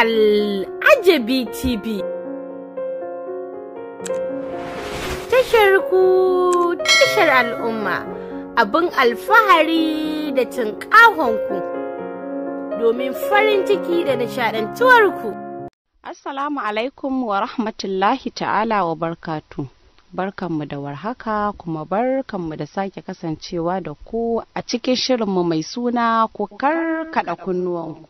Al'ajabi TV. Tashar ku tashar al'umma abin alfahari da cin ku domin farin ciki da nishaɗantuwarku. Assalamu alaikum wa rahmatullahi ta'ala wa barkatu. Barkanmu da warhaka kuma barkanmu da sake kasancewa da ku a cikin shirinmu mai suna ku karkada kunnuwanku.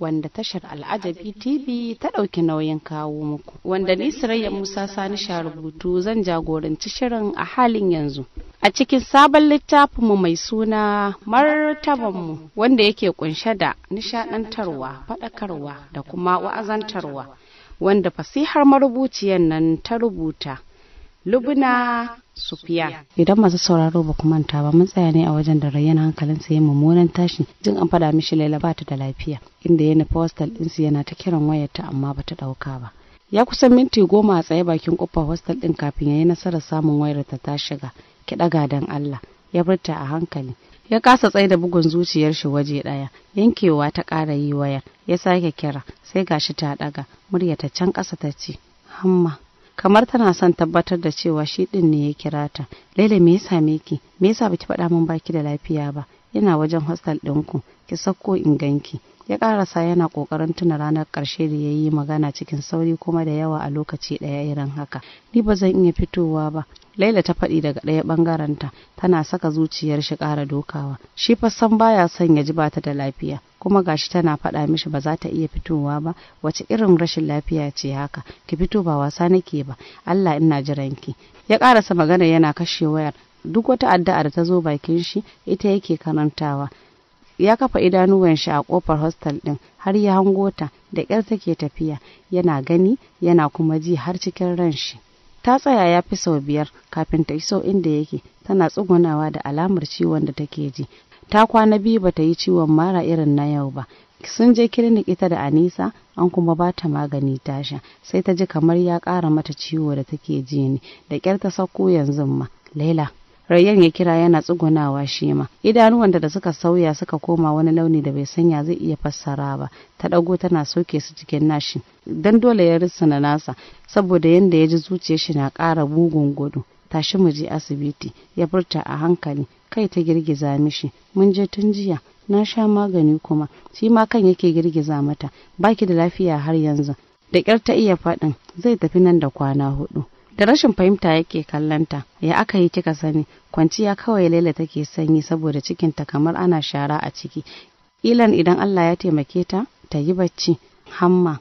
wanda tashar al'ajabi tv ta ɗauki nauyin kawo muku wanda ni sirayya musa sani sha rubutu zan jagoranci shirin a halin yanzu a cikin sabon littafinmu mai suna martabanmu wanda yake kunshe da nishaɗantarwa, faɗakarwa da kuma wa'azantarwa wanda fasihar marubuciyar nan ta rubuta lubuna sufiya idan masu sauraro ba manta ba mun tsaya ne a wajen da rayyana hankalin sa ya mummunan tashi jin an fada mishi laila ba ta da lafiya inda ya nufi hostel su yana ta kiran wayar ta amma ba ta ɗauka ba ya kusan minti goma a tsaye bakin kofar hostel ɗin kafin ya yi nasarar samun wayar ta ta shiga ki ɗaga don Allah ya furta a hankali ya kasa tsaye da bugun zuciyar shi waje ɗaya yankewa ta ƙara yi waya, ya sake kira sai gashi ta ɗaga murya ta can ƙasa ta ce hamma kamar tana son tabbatar da cewa shi din ne ya kira ta lele me ya same ki me yasa baki faɗa min baki da lafiya ba yana wajen hostel ɗinku ki sako in ganki ya karasa yana kokarin tuna ranar karshe da ya yi magana cikin sauri kuma da yawa a lokaci ɗaya irin haka ni ba zan iya fitowa ba laila ta faɗi daga ɗaya ɓangarenta tana saka zuciyar shi ƙara dokawa shi fa san baya son ya ji bata da lafiya kuma gashi tana faɗa mishi ba za ta iya fitowa ba wace irin rashin lafiya ce haka ki fito ba wasa nake ba Allah ina jiranki ya ƙarasa magana yana kashe wayar duk wata addu'a da ta zo bakin shi ita yake karantawa ya kafa idanuwan shi a kofar hostel din har ya hango ta da ƙyar take tafiya yana gani yana kuma ji har cikin ran shi ta tsaya ya fi sau biyar kafin ta iso inda yake tana tsugunawa da alamar ciwon da take ji ta kwana biyu bata yi ciwon mara irin na yau ba sun je kilinik ita da anisa an kuma ba ta magani ta sha sai ta ji kamar ya ƙara mata ciwo da take ji ne da ƙyar ta sauko yanzu ma laila Rayyan ya kira yana tsugunawa shi ma. Idanuwanta da suka sauya suka koma wani launi da bai sanya zai iya fassara ba. Ta ɗago tana soke su cikin nashi. Dan dole ya na nasa saboda yanda ya ji zuciyar shi na ƙara bugun gudu. Tashi mu je asibiti ya furta a hankali kai ta girgiza mishi mun je tun jiya na sha magani kuma shi ma kan yake girgiza mata baki da lafiya har yanzu da ƙyar ta iya faɗin zai tafi nan da kwana hudu da rashin fahimta yake kallanta ya aka yi kika sani kwanciya kawai laila take sanyi saboda cikinta kamar ana shara a ciki ilan idan allah ya taimake ta ta yi bacci hamma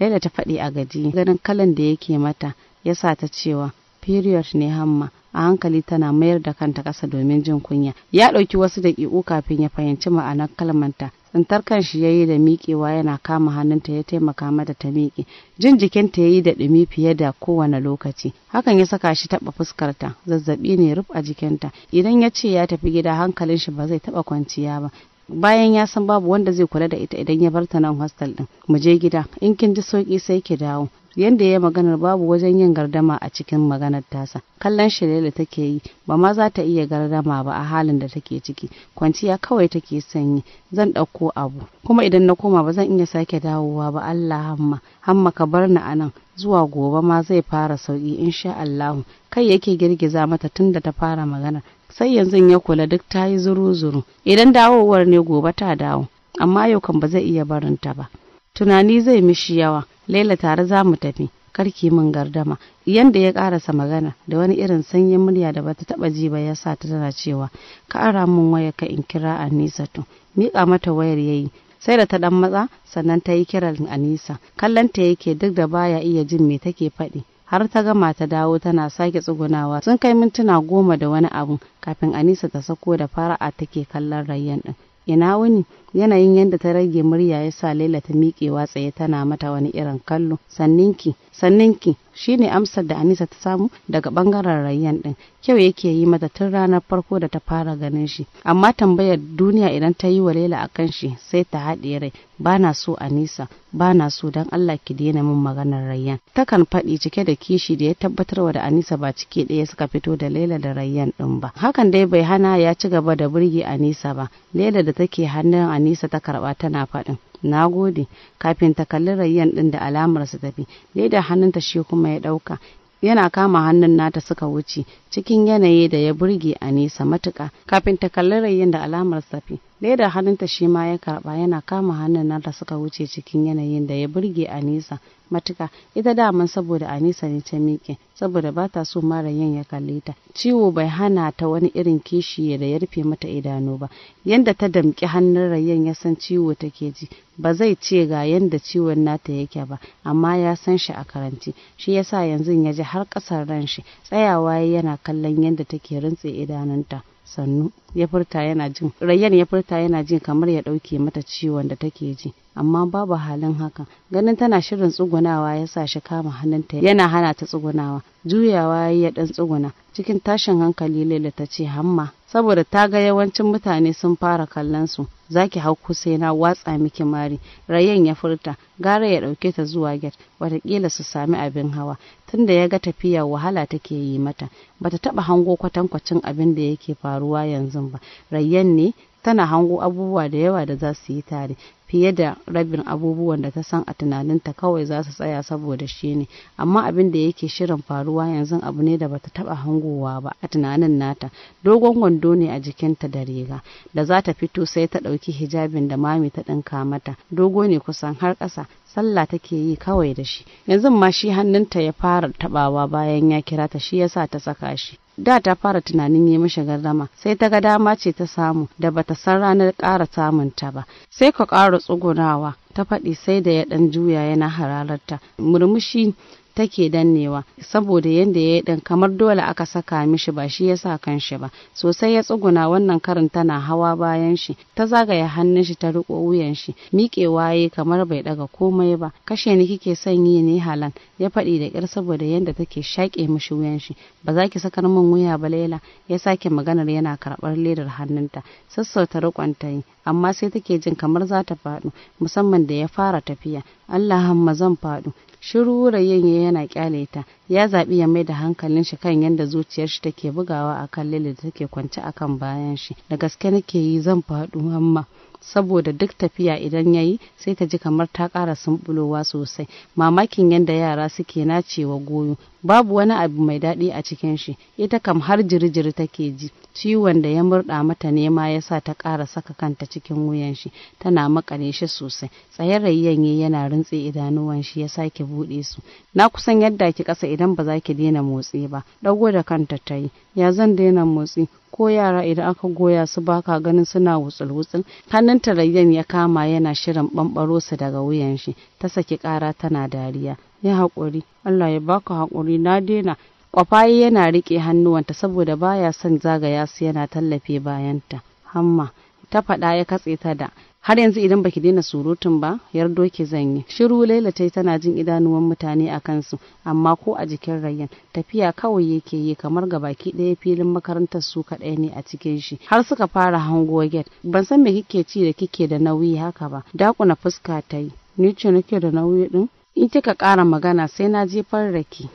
laila ta faɗi a gaji ganin kalan da yake mata ya sa ta cewa period ne hamma a hankali tana mayar da kanta ƙasa domin jin kunya ya ɗauki wasu daƙiƙu kafin ya fahimci ma'anar kalmanta tsintar shi ya yi da miƙewa yana kama hannunta ya taimaka mata ta miƙe jin jikinta ya yi da ɗumi fiye da kowane lokaci hakan ya saka shi taɓa fuskarta zazzaɓi ne ruf a jikinta idan ya ce ya tafi gida hankalin shi ba zai taɓa kwanciya ba bayan ya san babu wanda zai kula da ita idan ya bar ta nan hostel ɗin. mu je gida in kin ji sauki sai ki dawo yadda ya maganar babu wajen yin gardama a cikin maganar tasa kallon shirela take yi ba ma za ta iya gardama ba a halin da take ciki kwanciya kawai take sanyi zan ɗauko abu kuma idan na koma ba zan iya sake dawowa ba allah hamma hamma ka bar ni anan zuwa gobe ma zai fara sauki insha allahu kai yake girgiza mata tun da ta fara magana sai yanzu ya kula duk ta yi zuru-zuru idan dawowar ne gobe ta dawo amma yau kan ba zai iya barinta ba tunani zai mishi yawa Laila tare za mu tafi. karki min gardama yanda ya karasa magana da wani irin sanyin murya da bata taɓa ji ba yasa ta tana cewa ka ara min wayar ka in kira Anisa tun. mika mata wayar yayi sai da ta ɗan matsa sannan ta yi kiran Anisa kallon ta yake duk da baya iya jin me take faɗi har ta gama ta dawo tana sake tsugunawa sun kai mintuna goma da wani abu kafin Anisa ta sako da fara'a take kallon rayyan ɗin. ina wuni yanayin yadda ta rage murya ya sa laila ta miƙewa tsaye tana mata wani irin kallo sanninki sannan ki shi ne amsar da Anisa ta samu daga bangaren rayyan din kyau yake yi mata tun ranar farko da ta fara ganin shi amma tambayar duniya idan ta yi wa Laila kan shi sai ta haɗe rai ba na so Anisa ba na so don Allah ki daina min maganar rayyan takan faɗi cike da kishi da ya tabbatar wa da Anisa ba cike ɗaya suka fito da Laila da rayyan din ba hakan dai bai hana ya ci gaba da burge Anisa ba Laila da take hannun Anisa ta karɓa tana faɗin na gode kafin ta kalli rayyan din da alamar su tafi leda hannunta shi kuma ya ɗauka. yana kama hannun nata suka wuce cikin yanayi da ya burge a nesa matuka kafin ta kalli rayyan da alamar safi leda hannunta shi ma ya karba yana kama hannun nata suka wuce cikin yanayin da ya burge a nesa matuka ita daman saboda anisa ne ta miƙe saboda ba ta so yin ya kalle ta ciwo bai hana ta wani irin kishi da ya rufe mata idanu ba yanda ta damƙi hannun rayan ya san ciwo take ji ba zai ce ga yanda ciwon nata yake ba amma ya san shi a karanci shi yasa yanzu ya ji har ƙasar ran shi tsayawa yana kallon yanda take rintse idanunta sannu ya furta yana jin rayyan ya furta yana jin kamar ya ɗauke mata ciwon da take ji amma babu halin haka ganin tana shirin tsugunawa ya sa shi kama hannunta yana hana ta tsugunawa juyawa ya ɗan tsuguna cikin tashin hankali laila ta ce hamma saboda ta ga yawancin mutane sun fara kallon su zaki hau na watsa miki mari rayen ya furta gara ya ɗauke ta zuwa get watakila su sami abin hawa tunda ya ga tafiya wahala take yi mata bata taba hango kwatankwacin abin da yake faruwa yanzu ba rayyan ne tana hango abubuwa da yawa da za su yi tare fiye da rabin abubuwan da ta san a tunaninta kawai za su tsaya saboda shi ne amma abin da yake shirin faruwa yanzu abu ne da bata taba hangowa ba a tunanin nata dogon wando ne a jikinta da riga da za ta fito sai ta ɗauki hijabin da mami ta ɗinka mata dogo ne kusan har ƙasa sallah take yi kawai da shi yanzu ma shi hannunta ya fara tabawa bayan ya kira ta shi yasa ta saka shi da ta fara tunanin yi mishi gardama sai ta ga dama ce ta samu da bata san ranar ƙara samun ta ba sai ka ƙara tsugunawa ta faɗi sai da ya ɗan juya yana hararta murmushi take dannewa saboda yadda ya yi ɗin kamar dole aka saka mishi ba shi ya sa kanshi ba sosai ya tsuguna wannan karin tana hawa bayan shi ta zagaya hannun shi ta riko wuyan shi miƙewa ya kamar bai daga komai ba kashe ni kike son yi ne halan ya faɗi da ƙyar saboda yadda take shaƙe mishi wuyan shi ba za ki sakar min wuya ba laila ya sake maganar yana karɓar ledar hannunta sassauta riƙon ta yi amma sai take jin kamar za ta faɗo musamman da ya fara tafiya Allah zan faɗo shiru ya yana kyale ta ya zaɓi ya mai da hankalin shi kan yadda zuciyar shi take bugawa akan lili da take kwance akan bayan shi da gaske nake yi zan faɗo amma saboda duk tafiya idan ya yi, sai ta ji kamar ta ƙara sumbulowa sosai mamakin yadda yara suke nacewa goyo babu wani abu mai daɗi a cikin shi ita kam har jirjiri take ji ciwon da ya murɗa mata nema ya sa ta ƙara saka kanta cikin wuyan shi tana makale shi sosai tsayar yi yana rintse idanuwan shi ya sake buɗe su na kusan yadda ki ƙasa idan ba za ki daina motsi ba ɗago da kanta ta yi ya zan daina motsi ko yara idan aka goya su baka ganin suna wutsul-wutsul hannun tarayyan ya kama yana shirin bambaro su daga wuyan shi ta saki kara tana dariya ya haƙuri allah ya baka haƙuri na daina kwafaye yana riƙe hannuwanta saboda baya son zagaya su yana tallafe bayanta hamma ta faɗa ya katse ta da har yanzu idan baki daina surutun ba yardo zan yi. shiru laila tai tana jin idanuwan mutane a kansu amma ko a jikin rayyan tafiya kawai yake yi kamar ga baki ɗaya filin makarantar su kaɗai ne a cikin shi har suka fara hango get. ban san me kike ci da kike da nauyi haka ba dakuna fuska ta yi ni ce nake da nauyi din in kika ƙara magana sai na jefar da ki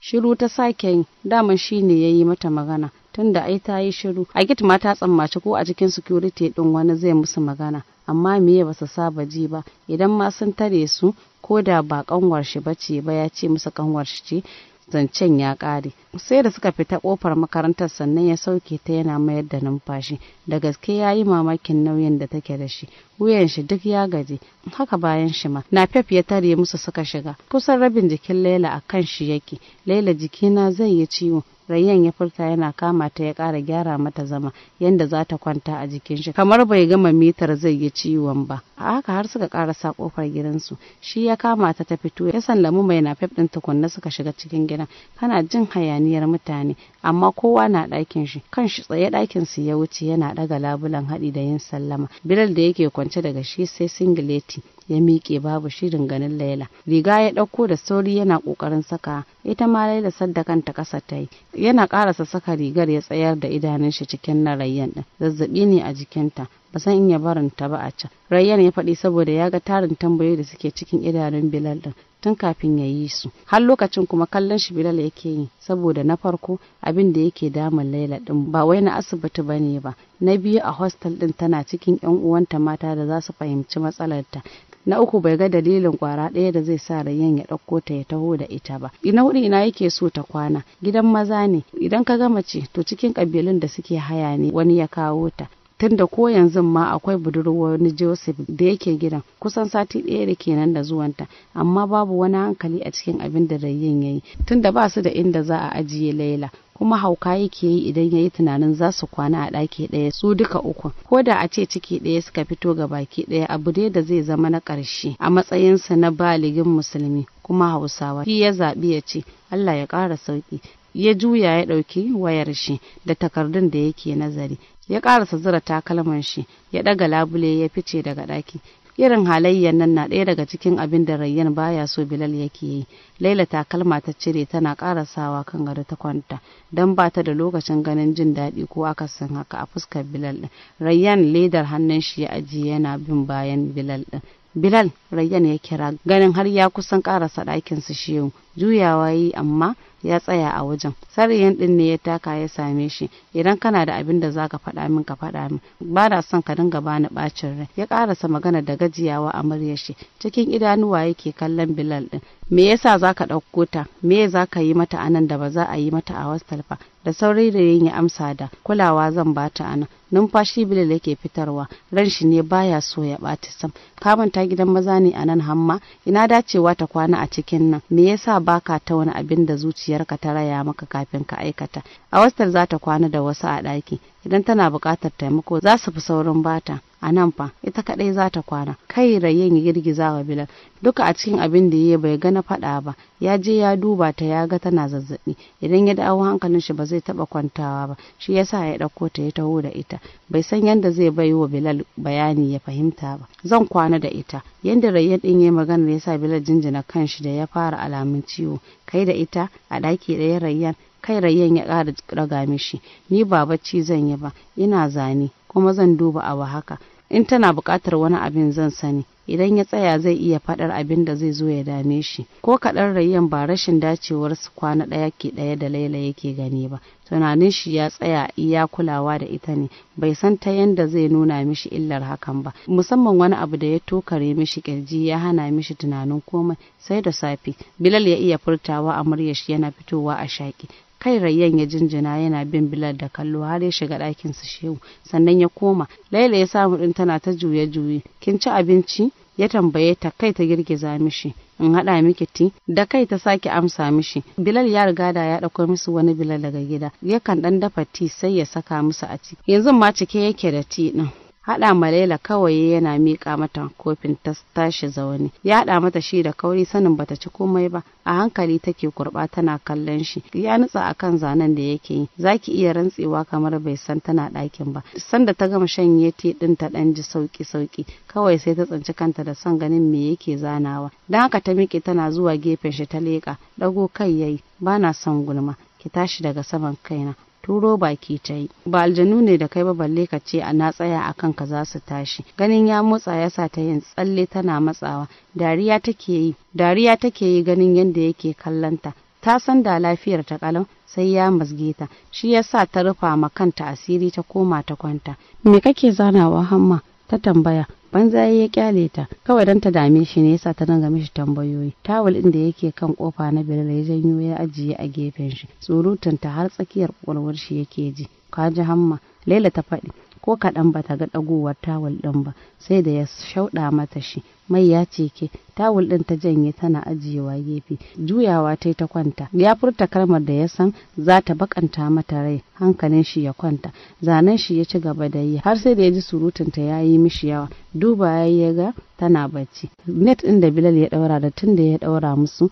shiru ta sake yi daman shine yayi mata magana tunda ai ta yi shiru a git ma ta tsammaci ko a cikin security din wani zai musu magana amma meye basu saba ji ba idan ma sun tare su ko da ba kanwar shi ce ba ya ce musu kanwar shi ce zancen ya ƙare sai da suka fita ƙofar makarantar sannan ya sauke ta yana mayar da numfashi da gaske ya yi mamakin nauyin da take da shi wuyan shi duk ya gaji haka bayan shi ma nafef ya tare musu suka shiga kusan rabin jikin laila a kan shi yake laila jikina zai yi ciwo rayyan ya furta yana kama ta ya ƙara gyara mata zama yadda za ta kwanta a jikin shi kamar bai gama mitar zai yi ciwon ba a haka har suka ƙarasa ƙofar gidansu shi ya kama ta ta fito ya sallamu mai na ɗin tukunna suka shiga cikin gidan kana jin hayaniyar mutane amma kowa na ɗakin shi kan shi tsaye ɗakin su ya wuce yana ɗaga labulan haɗi da yin sallama bilal da yake kwance kwance daga shi sai singileti ya miƙe babu shirin ganin laila riga ya ɗauko da sauri yana ƙoƙarin saka ita ma laila sadda kanta ƙasa ta yi yana ƙarasa saka rigar ya tsayar da idanun shi cikin na rayyan ɗin zazzaɓi ne a jikinta ba san in ya barin ta ba a can rayyan ya faɗi saboda ya ga tarin tambayoyi da suke cikin idanun bilal ɗin tun kafin ya yi su har lokacin kuma kallon shi bilal yake yi saboda na farko abin da yake damun laila din ba wai na asibiti ba ne ba na biyu a hostel din tana cikin yan uwanta mata da za su fahimci matsalarta na uku bai ga dalilin kwara ɗaya da zai sa rayan ya ɗauko ta ya taho da ita ba ina hudu ina yake so ta kwana gidan maza ne idan ka ga mace to cikin ƙabilun da suke haya ne wani ya kawo ta tunda ko yanzu ma akwai budurwar wani joseph da yake gidan kusan sati ɗaya da kenan da zuwanta amma babu wani hankali a cikin abin da rayyan ya yi tunda ba su da inda za a ajiye laila kuma hauka yake yi idan ya yi tunanin za su kwana a ɗaki ɗaya su duka uku ko da a ce ciki ɗaya suka fito ga baki ɗaya abu ne da zai zama na ƙarshe a matsayinsa na baligin musulmi kuma hausawa shi ya zaɓi ya ce allah ya ƙara sauƙi ya juya ya ɗauki wayar shi da takardun da yake nazari ya ƙarasa zura takalman shi ya ɗaga labule ya fice daga ɗaki irin halayyar nan na ɗaya daga cikin abin da rayyan baya so bilal yake yi laila takalma ta cire tana ƙarasawa kan gado ta kwanta don ba ta da lokacin ganin jin daɗi ko akasin haka a fuskar bilal ɗin rayyan ledar hannun shi ya ajiye yana bin bayan bilal ɗin Bilal Rayyan ya kira ganin har ya kusan karasa ɗakin su shehu juyawa yi amma ya tsaya a wajen sarayen din ne ya taka ya same shi idan kana da abin da zaka faɗa min ka faɗa min ba na son ka dinga bani bacin rai ya karasa magana da gajiyawa a shi cikin idanuwa yake kallon Bilal din me yasa za ka ɗauko ta me za ka yi mata anan da ba za a yi mata a hostel ba da sauri da yin ya amsa da kulawa zan ba bata anan numfashi bile da ke fitarwa ran shi ne baya so ya ɓata sam ka manta gidan maza ne a nan hamma ina dacewa ta kwana a cikin nan me yasa ka ta wani abin da zuciyarka ta raya maka kafin ka aikata a hostel za ta kwana da wasu a ɗaki idan tana buƙatar taimako za su fi saurin bata a nan fa ita kaɗai za ta kwana kai rayen ya girgiza wa bilal duka a cikin abin da ya bai ga na faɗa ba ya je ya duba ta ya ga tana zazzaɓi idan ya dawo hankalin shi ba zai taɓa kwantawa ba shi yasa ya ɗauko ta ya taho da ita bai san yadda zai bai wa bilal bayani ya fahimta ba zan kwana da ita yadda rayen ɗin ya magana ya sa bilal jinjina kanshi da ya fara alamun ciwo kai da ita a ɗaki ɗaya rayyan kai rayyan ya ƙara raga mishi ni ba bacci zan yi ba ina zane kuma zan duba abu haka in tana buƙatar wani abin zan sani idan ya tsaya zai iya faɗar abin da zai zo ya dame shi ko kaɗan rayyan ba rashin dacewar su kwana ɗaya ke ɗaya da laila yake gani ba tunanin shi ya tsaya iya kulawa da ita ne bai san ta yadda zai nuna mishi illar hakan ba musamman wani abu da ya tokare mishi kirji ya hana mishi tunanin komai sai da safe bilal ya iya furtawa a muryar shi yana fitowa a shaki kai rayyan ya jinjina yana bin bilal da kallo har ya shiga ɗakin su shehu sannan ya koma laila ya samu ɗin tana ta juye juye kin ci abinci ya tambaye ta kai ta girgiza mishi in haɗa miki ti da kai ta sake amsa mishi bilal ya riga da ya ɗauko musu wani bilal daga gida yakan ɗan dafa ti sai ya saka musu a ciki yanzu ma cike yake da ti ɗin haɗa ma laila kawai yana miƙa mata kofin ta tashi zaune ya haɗa mata shi da kauri sanin bata ci komai ba a hankali take kurɓa tana kallon shi ya nutsa akan zanen da yake yi zaki iya rantsewa kamar bai san tana ɗakin ba sanda ta gama shan yeti ɗin ta ɗan ji sauki sauƙi kawai sai ta tsinci kanta da son ganin me yake zanawa don haka ta miƙe tana zuwa gefen shi ta leƙa ɗago kai yayi ba na son gulma ki tashi daga saman kaina turo baki ta yi ba aljanu ne da kai ba balle ka ce na tsaya a kan ka za su tashi ganin ya motsa ya sa ta yin tsalle tana matsawa dariya take yi dariya take yi ganin yadda yake kallanta ta san da lafiyar ta kalan sai ya mazge ta shi ya sa ta rufa ma kanta asiri ta koma ta kwanta me kake zanawa hamma ta tambaya banza ya kyale ta kawai don ta dame shi ne yasa ta naga mishi tambayoyi tawul din da yake kan kofa na bilal ya janyo ya ajiye a gefen shi surutun ta har tsakiyar kwalwar shi yake ji ka ji hamma laila ta faɗi ko kaɗan ba ta ga ɗagowar tawul ɗin ba sai da ya shauɗa mata shi mai ya ce ke, tawul din ta janye tana ajiyewa gefe juyawa ta ta kwanta ya furta kalmar da ya san za ta bakanta mata rai hankalin shi ya kwanta zanen shi ya ci gaba da yi har sai da ya ji surutun ya yi mishi yawa duba ya ga tana bacci net ɗin da bilal ya ɗaura da tun da ya ɗaura musu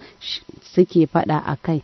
suke faɗa a kai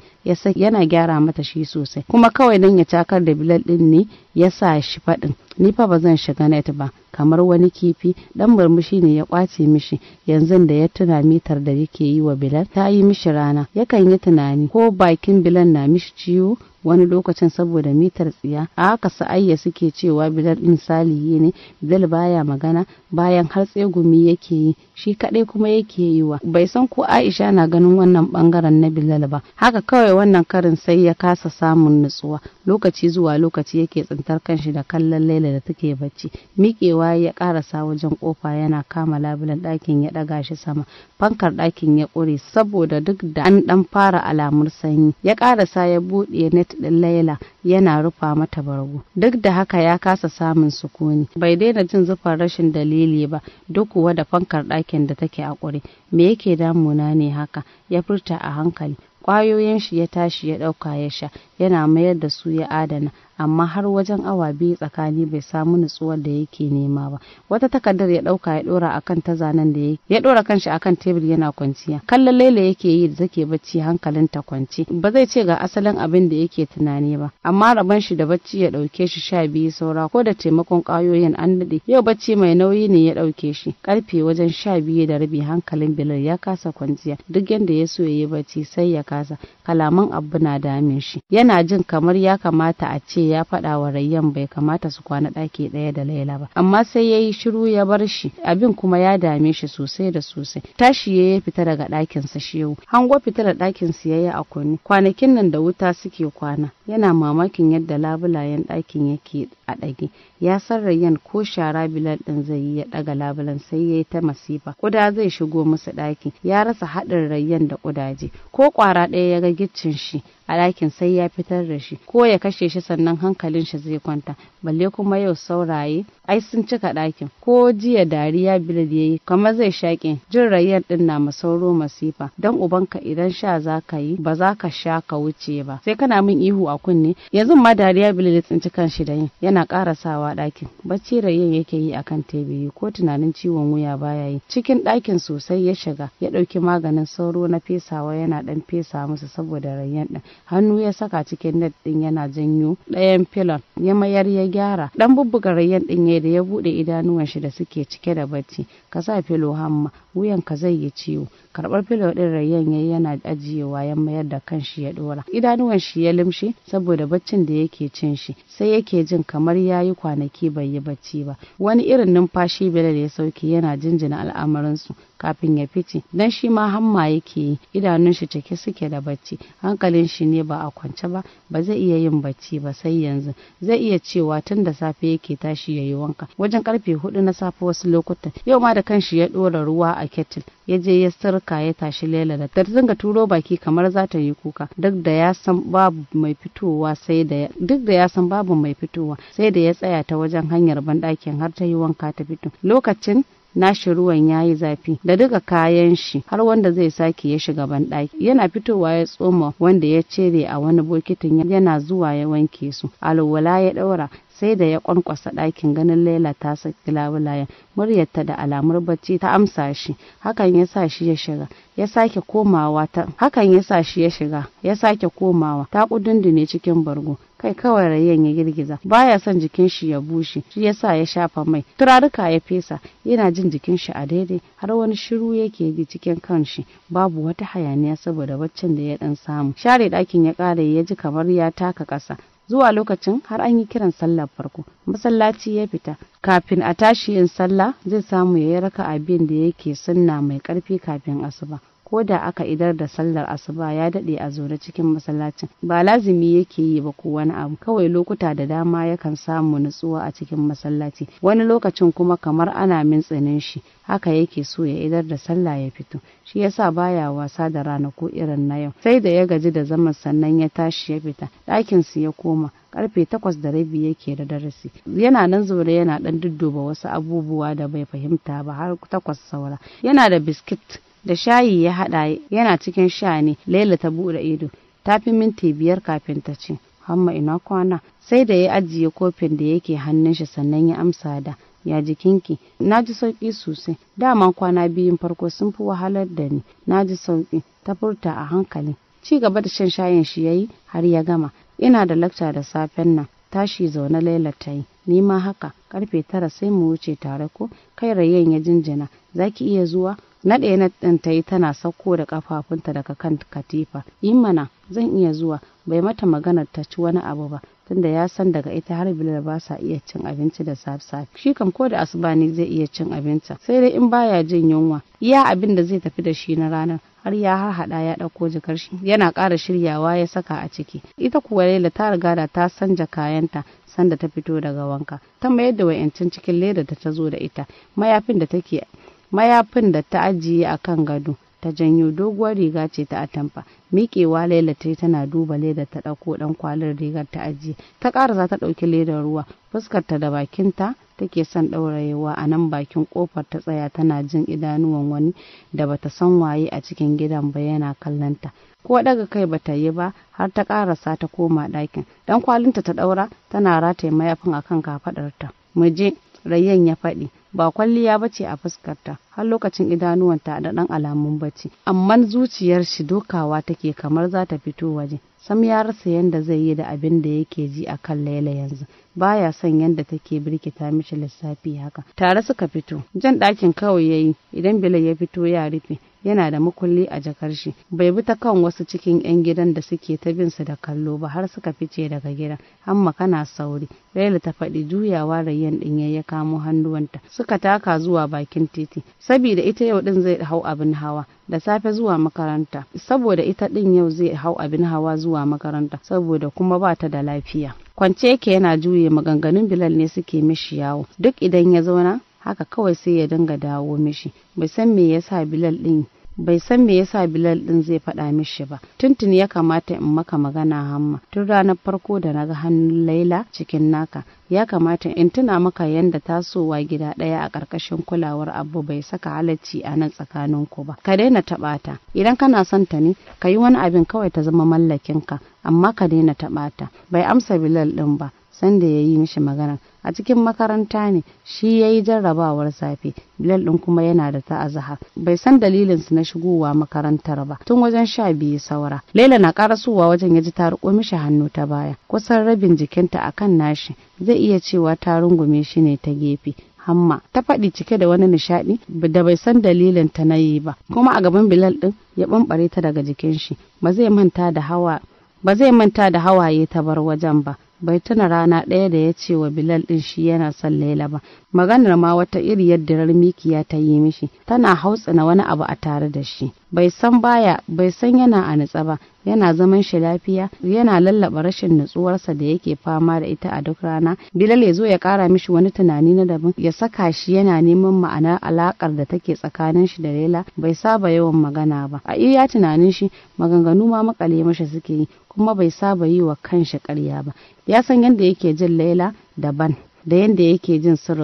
yana gyara mata shi sosai kuma kawai don ya cakar da bilal ɗin ne ya sa shi faɗin ni fa ba zan shiga net ba kamar wani kifi dan murmushi ne ya kwace mishi yanzu da ya tuna mitar da yake yi wa Bilal ta yi mishi rana yakan yi tunani ko bakin bilan na mishi ciwo wani lokacin saboda mitar tsiya a haka sa'ayya suke cewa bilal din salihi ne bilal baya magana bayan har tsegumi yake yi shi kadai kuma yake yi wa bai san ko aisha na ganin wannan bangaren na bilal ba haka kawai wannan karin sai ya kasa samun nutsuwa lokaci zuwa lokaci yake tsintar kanshi da kallon laila da take bacci miƙewa ya karasa wajen kofa yana kama labulan ɗakin ya ɗaga shi sama fankar ɗakin ya ƙure saboda duk da an ɗan fara alamun sanyi ya ƙarasa ya buɗe net ɗin Laila yana rufa mata bargo. Duk da haka ya kasa samun sukuni. Bai daina jin zufar rashin dalili ba duk kuwa da fankar ɗakin da take a ƙure. Me yake damuna ne haka? Ya furta a hankali. Ƙwayoyin shi ya tashi ya ɗauka ya sha yana mayar da su ya adana amma har wajen awa biyu tsakani bai samu nutsuwar da yake nema ba wata takardar ya dauka ya dora akan ta zanen da yake ya dora kanshi akan tebur yana kwanciya kallon laila yake yi da take bacci hankalin ta kwance ba zai ce ga asalin abin da yake tunani ba amma rabon shi da bacci ya dauke shi sha biyu saura ko da taimakon kwayoyin an dade yau bacci mai nauyi ne ya dauke shi karfe wajen sha biyu da rabi hankalin bilal ya kasa kwanciya duk yadda ya so ya yi bacci sai ya kasa kalaman abu na damin shi yana jin kamar ya kamata a ce ya faɗa wa rayyan bai kamata su kwana ɗaki ɗaya da laila ba amma sai ya yi shiru ya bar shi abin kuma ya dame shi sosai da sosai tashi ya yi fita daga ɗakinsa shehu hango fita da ɗakinsa ya yi a kunni kwanakin nan da wuta suke kwana yana mamakin yadda labulayen ɗakin yake a ɗage ya san rayyan ko shara bilal ɗin zai yi ya ɗaga labulan sai ya yi ta masifa ƙuda zai shigo musu ɗaki ya rasa haɗin rayyan da ƙudaje ko ƙwara ɗaya ya ga giccin shi a ɗakin sai ya fitar da shi ko ya kashe shi sannan nan hankalin shi zai kwanta balle kuma yau sauraye ai sun cika ɗakin ko jiya dariya bilal ya yi kamar zai shaƙe jin rayuwar ɗin na masauro masifa don ubanka idan sha za ka yi ba za ka sha ka wuce ba sai kana min ihu a kunne yanzu ma dariya bilal ya tsinci shi da yin yana ƙarasawa ɗakin bacci rayyar yake yi a kan tebiri ko tunanin ciwon wuya baya yi cikin ɗakin sosai ya shiga ya ɗauki maganin sauro na fesawa yana ɗan fesa musu saboda rayyan ɗin hannu ya saka cikin net ɗin yana janyo ɗaya 'ya'yan filon ya mayar ya gyara dan bubbuga rayyan din ya da ya bude idanuwan shi da suke cike da bacci ka sa filo hamma wuyan ka zai yi ciwo karbar filo din rayyan yayi yana ajiyewa ya mayar da kan shi ya dora idanuwan shi ya limshi saboda baccin da yake cin shi sai yake jin kamar yayi kwanaki bai yi bacci ba wani irin numfashi da ya sauke yana jinjina al'amarin su kafin ya fice dan shi ma hamma yake yi idanun shi cike suke da bacci hankalin shi ne ba a kwance ba ba zai iya yin bacci ba sai yanzu zai iya cewa tun da safe yake tashi ya yi wanka wajen karfe hudu na safe wasu lokutan yau ma da kanshi ya dora ruwa a ketil ya je ya sarka ya tashi lela da tarzinga turo baki kamar za ta yi kuka duk da ya san babu mai fitowa sai da duk da ya san babu mai fitowa sai da ya tsaya ta wajen hanyar banɗakin har ta yi wanka ta fito lokacin nashi ruwan ya yi zafi da duka kayan shi har wanda zai sake ya shiga banɗaki yana fitowa ya tsoma wanda ya cere a wani bokitin yana zuwa ya wanke su alwala ya ɗaura sai da ya kwankwasa ɗakin ganin laila ta saki labulayen muryarta da alamar bacci ta amsa shi hakan ya sa shi ya shiga ya sake komawa ta hakan ya sa shi ya shiga ya sake komawa ta kudundune cikin bargo kai kawai rayyan ya girgiza baya son jikin shi ya bushe shi yasa ya shafa mai turaruka ya fesa yana jin jikin shi a daidai har wani shiru yake bi cikin kanshi babu wata hayaniya saboda baccin da ya dan samu share dakin ya ƙara ya ji kamar ya taka ƙasa zuwa lokacin har an yi kiran sallar farko masallaci ya fita kafin a tashi yin sallah zai samu ya yi raka abin da yake sunna mai ƙarfi kafin asuba ko da aka idar da sallar asuba ya daɗe a zaune cikin masallacin ba lazimi yake yi ba ko wani abu kawai lokuta da dama yakan samu nutsuwa a cikin masallaci wani lokacin kuma kamar ana min mintsinin shi haka yake so ya idar da sallah ya fito shi yasa baya wasa da ranaku irin na yau sai da ya gaji da zaman sannan ya tashi ya fita ɗakin su ya koma karfe takwas da rabi yake da darasi yana nan zaure yana ɗan dudduba wasu abubuwa da bai fahimta ba har takwas saura yana da biskit da shayi ya haɗa yana cikin sha ne laila ta buɗe ido ta fi minti biyar kafin ta ce hamma ina kwana sai da ya ajiye kofin da yake hannun shi sannan ya amsa da ya jikinki na ji sauki sosai Dama kwana biyun farko sun fi wahalar da ni na ji sauki ta furta a hankali ci gaba da shan shayin shi yayi har ya gama ina da lakta da safen nan tashi zaune laila ta yi ni ma haka karfe tara sai mu wuce tare ko kai rayen ya jinjina zaki iya zuwa naɗe na ɗin ta yi tana sauko da ƙafafunta daga kan katifa yi mana zan iya zuwa bai mata maganar ta ci wani abu ba tunda ya san daga ita har bilal ba sa iya cin abinci da safe shi kam ko da asuba ne zai iya cin abinci sai dai in baya jin yunwa iya abin da zai tafi da shi na ranar har ya har harhaɗa ya ɗauko jakar shi yana ƙara shiryawa ya saka a ciki ita kuwa laila ta riga da ta sanja kayanta sanda ta fito daga wanka ta mayar da wayancin cikin leda da ta zo da ita mayafin da take mayafin da ta ajiye a kan gado ta janyo doguwar riga ce ta atamfa miƙewa laila ta tana duba leda ta ɗauko ɗan kwalin rigar ta ajiye ta ƙarasa ta ɗauki ledar ruwa fuskarta da bakinta take son ɗaurayewa a nan bakin ƙofar ta tsaya tana jin idanuwan wani da bata san waye a cikin gidan ba yana kallonta ko daga kai bata yi ba har ta ƙarasa ta koma ɗakin ɗan kwalinta ta ɗaura tana rataye mayafin akan kafaɗarta mu je rayyan ya faɗi ba kwalliya ba ce a fuskarta har lokacin idanuwanta da ɗan alamun bacci amman zuciyar shi dokawa take kamar za ta fito waje sam ya rasa yadda zai yi da abin da yake ji a kan laila yanzu baya son yadda take birkita mishi lissafi haka tare suka fito jan ɗakin kawai ya yi, idan bilal ya fito ya rufe yana da makulli a jakar shi bai bi ta kan wasu cikin yan gidan da suke ta bin su da kallo ba har suka fice daga gidan amma kana sauri Laila ta faɗi juyawa rayyan ɗin ya kamo hannuwanta suka taka zuwa bakin titi saboda ita yau din zai hau abin hawa da safe zuwa makaranta saboda ita din yau zai hau abin hawa zuwa makaranta saboda kuma ba ta da lafiya kwance yake yana juye maganganun bilal ne suke mishi yawo duk idan ya zauna haka kawai sai ya dinga dawo mishi bai san me yasa bilal din bai san me yasa bilal din zai faɗa mishi ba tuntuni ya kamata in maka magana hamma tun ranar farko da naga hannun laila cikin naka ya kamata in tuna maka yadda tasowa gida ɗaya a ƙarƙashin kulawar abu bai saka halacci a nan ku ba ka daina taɓa ta idan kana son ta ne ka yi wani abin kawai ta zama mallakinka amma ka daina taɓa ta bai amsa bilal ɗin ba sanda ya yi mishi magana a cikin makaranta ne shi ya yi jarrabawar safe bilal ɗin kuma yana da ta bai san dalilin su na shigowa makarantar ba tun wajen sha biyu saura laila na karasowa wajen ya ji ta riko mishi hannu ta baya kusan rabin jikinta a kan nashi zai iya cewa ta rungume shi ne ta gefe hamma ta faɗi cike da wani nishaɗi da bai san dalilin ta na yi ba kuma a gaban bilal ɗin ya ɓamɓare ta daga jikin shi ba zai manta da hawa ba zai manta da hawaye ta bar wajen ba bai tuna rana ɗaya da ya ce wa Bilal ɗin shi yana son Laila ba. Maganar ma wata iri yadda mikiya ta yi mishi, tana hautsina wani abu a tare da shi. Bai san baya, bai san yana a nutsa ba, yana zaman shi lafiya yana lallaba rashin nutsuwarsa da yake fama da ita a duk rana bilal ya zo ya kara mishi wani tunani na daban ya saka shi yana neman ma'anar alakar da take tsakanin shi da laila bai saba yawan magana ba a iya tunanin shi maganganu ma makale mashi suke yi kuma bai saba yi wa kanshi karya ba ya san yadda yake jin laila daban da yadda yake jin su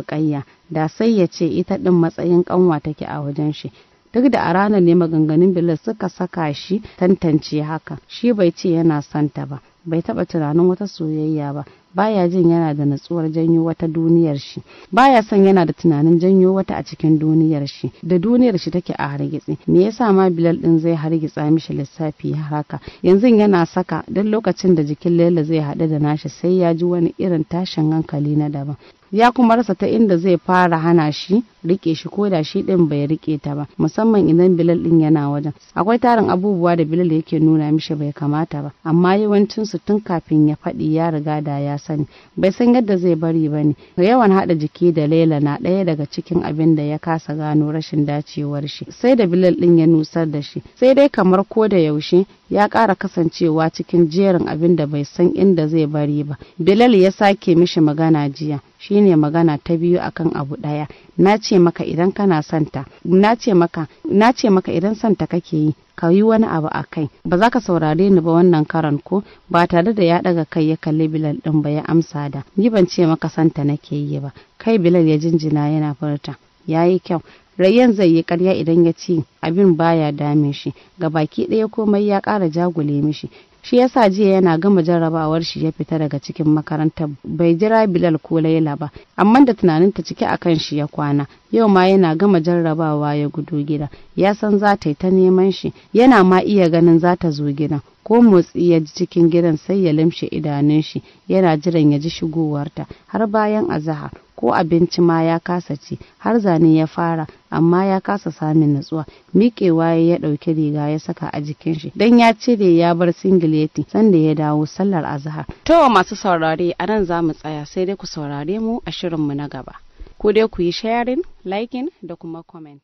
da sai ya ce ita ɗin matsayin ƙanwa take a wajen shi duk da a ranar ne maganganun bilal suka saka shi tantance haka shi bai ce yana santa ba bai taba tunanin wata soyayya ba baya jin yana da natsuwar janyo wata duniyar shi baya son yana da tunanin janyo wata a cikin duniyar shi da duniyar shi take a hargitsi me yasa ma bilal din zai hargitsa mishi lissafi haka yanzu yana saka don lokacin da jikin laila zai haɗu da nashi sai ya ji wani irin tashin hankali na daban ya kuma rasa ta inda zai fara hana shi rike shi ko da shi din bai rike ta ba musamman idan bilal din yana wajen akwai tarin abubuwa da bilal yake nuna mishi bai kamata ba amma yawancin su tun kafin ya faɗi ya riga da ya sani bai san yadda zai bari ba ne yawan haɗa jiki da laila na ɗaya daga cikin abin da ya kasa gano rashin dacewar shi sai da bilal din ya nusar da shi sai dai kamar ko da yaushe ya ƙara kasancewa cikin jerin abin da bai san inda zai bari ba bilal ya sake mishi magana jiya shine magana ta biyu akan abu daya na ce maka idan kana santa na ce maka na ce maka idan santa kake yi ka yi wani abu a kai ba za ka saurare ni ba wannan karan ko ba tare da ya daga kai ya kalli bilal din ba ya amsa da ni ban ce maka santa nake yi ba kai bilal ya jinjina yana furta Ya yi kyau rayyan zai yi karya idan ya ci abin baya dame shi ga baki ɗaya komai ya ƙara jagule mishi shi yasa jiya yana gama jarrabawar shi ya fita daga cikin makarantar bai jira bilal ko laila ba amma da tunaninta cike a kan shi ya kwana yau ma yana gama jarrabawa ya gudu gida ya san za ta yi ta neman shi yana ma iya ganin za ta zo gida, ko motsi ya ji cikin gidan sai ya limshe idanun shi yana jiran ya ji shigowarta har bayan azaha ko abinci ma ya kasa ci har zane ya fara amma ya kasa samun natsuwa miƙewa ya ya ɗauki riga ya saka a jikin shi dan ya cire ya bar singileti sanda ya dawo sallar azahar to masu saurare a nan za mu tsaya sai dai ku saurare mu a shirinmu na gaba. Ku dai ku yi sharing, liking da kuma comment.